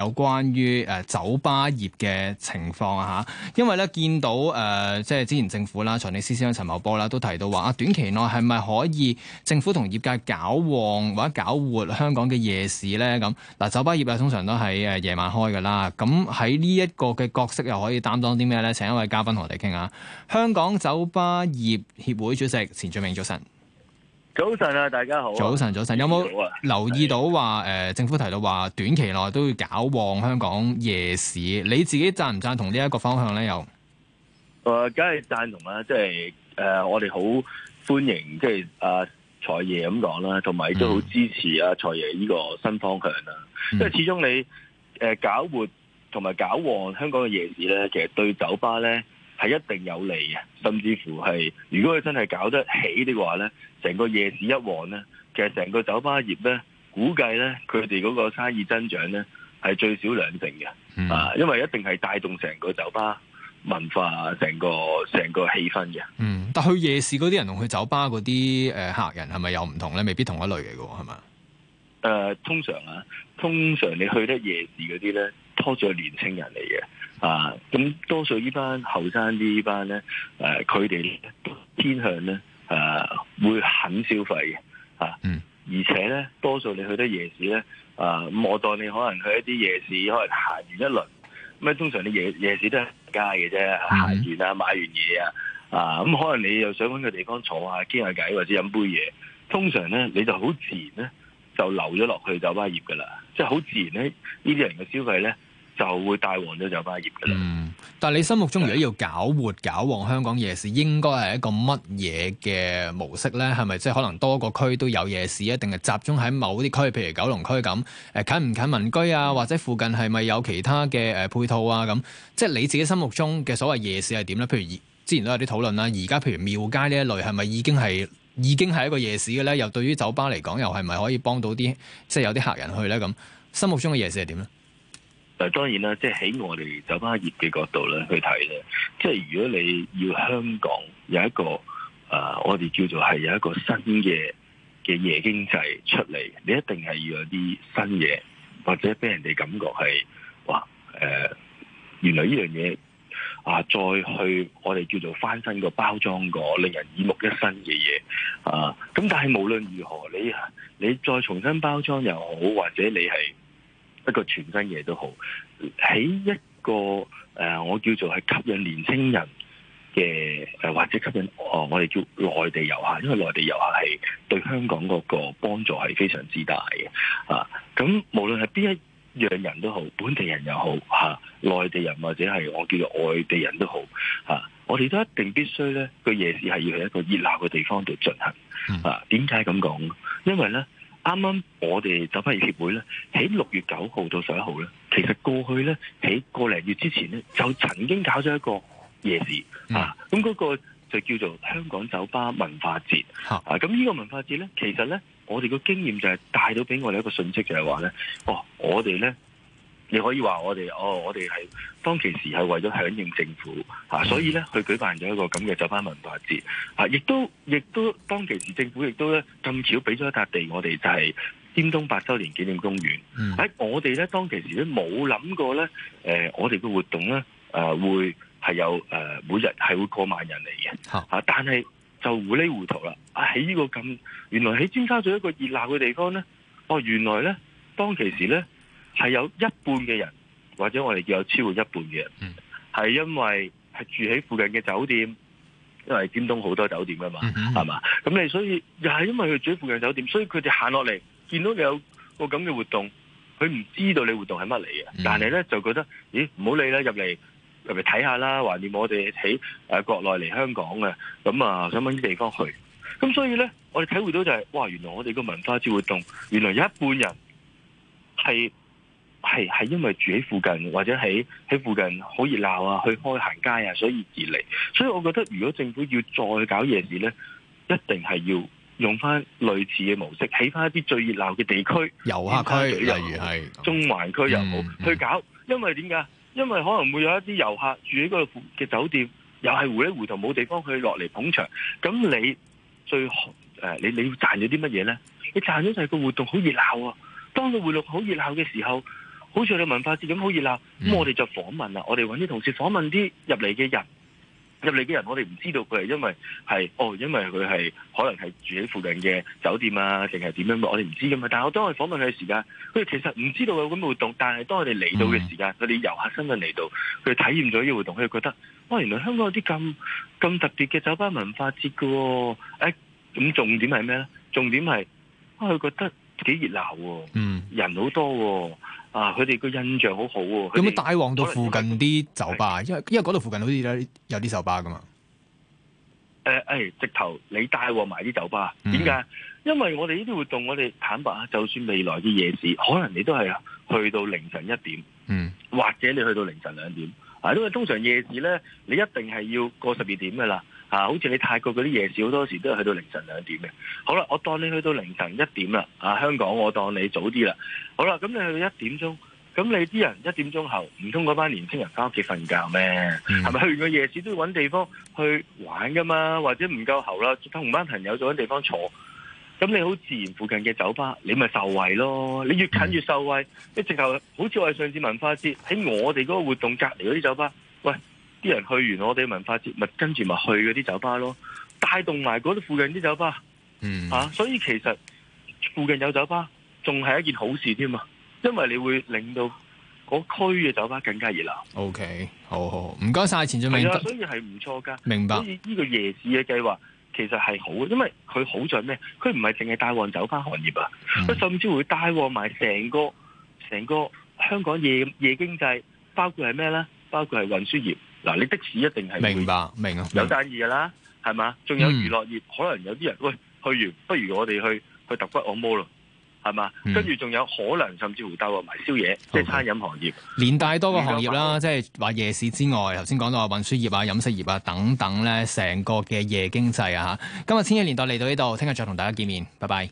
有關於誒酒吧業嘅情況啊，嚇，因為咧見到誒、呃，即係之前政府啦、財政司司長陳茂波啦，都提到話啊，短期內係咪可以政府同業界搞旺或者搞活香港嘅夜市咧？咁嗱，酒吧業啊，通常都喺誒夜晚開㗎啦。咁喺呢一個嘅角色又可以擔當啲咩咧？請一位嘉賓同我哋傾下。香港酒吧業協會主席錢雋永早晨。早晨啊，大家好，啊。早晨，早晨，有冇留意到話誒的、呃，政府提到話短期內都要搞旺香港夜市，你自己贊唔贊同呢一個方向咧？又誒、呃，梗係贊同啦，即係誒，我哋好歡迎即係阿財爺咁講啦，同埋都好支持阿財爺呢個新方向啦。即、嗯、因為始終你誒、呃、搞活同埋搞旺香港嘅夜市咧，其實對酒吧咧。係一定有利嘅，甚至乎係，如果佢真係搞得起嘅話呢，成個夜市一旺呢，其實成個酒吧業呢，估計呢，佢哋嗰個生意增長呢係最少兩成嘅，啊、嗯，因為一定係帶動成個酒吧文化、成個成個氣氛嘅。嗯，但去夜市嗰啲人同去酒吧嗰啲誒客人係咪又唔同呢？未必同一類嚟嘅係嘛？誒、呃，通常啊，通常你去得夜市嗰啲呢，拖住年青人嚟嘅。啊，咁多數班班呢班後生啲呢班咧，誒佢哋都偏向咧，誒、啊、會肯消費嘅，啊，嗯，而且咧多數你去得夜市咧，啊咁我當你可能去一啲夜市，可能行完一輪，咁通常你夜夜市都係街嘅啫，行、嗯、完啊買完嘢啊，啊咁、嗯、可能你又想揾個地方坐下傾下偈或者飲杯嘢，通常咧你就好自然咧就流咗落去酒吧業噶啦，即係好自然咧呢啲人嘅消費咧。就會大旺咗酒吧業嘅啦。嗯，但係你心目中如果要搞活、搞旺的香港夜市，應該係一個乜嘢嘅模式咧？係咪即係可能多個區都有夜市啊？定係集中喺某啲區，譬如九龍區咁？誒，近唔近民居啊？嗯、或者附近係咪有其他嘅誒配套啊？咁，即係你自己心目中嘅所謂夜市係點咧？譬如之前都有啲討論啦，而家譬如廟街呢一類係咪已經係已經係一個夜市嘅咧？又對於酒吧嚟講，又係咪可以幫到啲即係有啲客人去咧？咁，心目中嘅夜市係點咧？嗱，當然啦，即係喺我哋酒吧業嘅角度咧去睇咧，即係如果你要香港有一個啊、呃，我哋叫做係有一個新嘅嘅夜經濟出嚟，你一定係要有啲新嘢，或者俾人哋感覺係嘩誒，原來依樣嘢啊，再去我哋叫做翻新個包裝個，令人耳目一新嘅嘢啊，咁但係無論如何，你你再重新包裝又好，或者你係。一個全新嘢都好，喺一個誒，我叫做係吸引年青人嘅，誒或者吸引哦，我哋叫內地遊客，因為內地遊客係對香港嗰個幫助係非常之大嘅啊。咁無論係邊一樣人都好，本地人又好嚇，啊、內地人或者係我叫做外地人都好嚇、啊，我哋都一定必須咧，個夜市係要去一個熱鬧嘅地方度進行啊。點解咁講？因為咧。啱啱我哋酒吧業協會咧，喺六月九號到十一號咧，其實過去咧喺個零月之前咧，就曾經搞咗一個夜市、嗯、啊，咁、那、嗰個就叫做香港酒吧文化節啊，咁呢、啊、個文化節咧，其實咧，我哋個經驗就係帶到俾我哋一個訊息，就係話咧，哦，我哋咧。你可以話我哋，哦，我哋係當其時係為咗響應政府嚇、啊，所以咧佢舉辦咗一個咁嘅酒吧文化節啊，亦都亦都當其時政府亦都咧咁巧俾咗一笪地我哋，就係尖東八周年紀念公園。喺、嗯、我哋咧當其時都冇諗過咧，誒、呃，我哋嘅活動咧誒、呃、會係有誒、呃、每日係會過萬人嚟嘅嚇，但係就糊哩糊塗啦，喺呢個咁原來喺尖沙咀一個熱鬧嘅地方咧，哦，原來咧當其時咧。係有一半嘅人，或者我哋叫有超過一半嘅人，係、嗯、因為係住喺附近嘅酒店，因為尖東好多酒店吖嘛，係嘛、嗯？咁、嗯、你所以又係因為佢住喺附近嘅酒店，所以佢哋行落嚟見到你有個咁嘅活動，佢唔知道你嘅活動係乜嚟嘅，嗯、但係咧就覺得咦唔好理啦，入嚟入嚟睇下啦，懷念我哋喺誒國內嚟香港嘅，咁啊想揾啲地方去。咁所以咧，我哋體會到就係、是、哇，原來我哋個文化節活動，原來有一半人係。係係因為住喺附近，或者喺喺附近好熱鬧啊，去開行街啊，所以而嚟。所以我覺得如果政府要再搞夜市呢，一定係要用翻類似嘅模式，起翻一啲最熱鬧嘅地區，遊客區，例如係中環區又好，嗯、去搞。因為點解？因為可能會有一啲遊客住喺嗰度嘅酒店，又係糊里糊塗冇地方去落嚟捧場。咁你最誒，你你賺咗啲乜嘢呢？你賺咗就係、啊、個活動好熱鬧啊！當個活動好熱鬧嘅時候。好似我哋文化節咁好熱鬧，咁我哋就訪問啦。我哋搵啲同事訪問啲入嚟嘅人，入嚟嘅人我哋唔知道佢係因為係哦，因為佢係可能係住喺附近嘅酒店啊，定係點樣？我哋唔知噶嘛。但我當我哋訪問佢嘅時間，佢其實唔知道有咁嘅活動。但係當我哋嚟到嘅時間，佢哋遊客身份嚟到，佢體驗咗呢個活動，佢覺得哇，原來香港有啲咁咁特別嘅酒吧文化節噶、啊。誒、哎，咁重點係咩咧？重點係啊，佢覺得幾熱鬧、啊，嗯，人好多、啊。啊！佢哋個印象好好喎，有冇帶旺到附近啲酒吧？因為因為嗰度附近好似咧有啲酒吧噶嘛、呃。誒、哎、誒，直頭你帶旺埋啲酒吧，點解？嗯、因為我哋呢啲活動，我哋坦白啊，就算未來啲夜市，可能你都係去到凌晨一點，嗯，或者你去到凌晨兩點，啊，因為通常夜市咧，你一定係要過十二點噶啦。啊，好似你泰國嗰啲夜市好多時都係去到凌晨兩點嘅。好啦，我當你去到凌晨一點啦，啊，香港我當你早啲啦。好啦，咁你去到一點鐘，咁你啲人一點鐘後，唔通嗰班年青人翻屋企瞓覺咩？係咪、嗯、去完個夜市都要揾地方去玩噶嘛？或者唔夠喉啦，同班朋友就揾地方坐。咁你好自然附近嘅酒吧，你咪受惠咯。你越近越受惠，即直頭好似我哋上次文化節喺我哋嗰個活動隔離嗰啲酒吧，啲人去完我哋文化節，咪跟住咪去嗰啲酒吧咯，帶動埋嗰啲附近啲酒吧、嗯啊，所以其實附近有酒吧仲係一件好事添嘛，因為你會令到嗰區嘅酒吧更加熱鬧。O、okay, K，好好，唔該晒。錢雋永。所以係唔錯㗎。明白。所以呢個夜市嘅計劃其實係好，因為佢好在咩？佢唔係淨係帶旺酒吧行業啊，佢、嗯、甚至會帶旺埋成個成個香港夜夜經濟，包括係咩咧？包括係運輸業。嗱，你的士一定係明白，明白有爭議噶啦，係嘛？仲有娛樂業，嗯、可能有啲人喂去完，不如我哋去去揼骨按摩咯，係嘛？跟住仲有可能甚至乎帶我埋宵夜，即係餐飲行業，okay, 連帶多個行業啦，即係話夜市之外，頭先講到話運輸業啊、飲食業啊等等咧，成個嘅夜經濟啊嚇。今日千禧年代嚟到呢度，聽日再同大家見面，拜拜。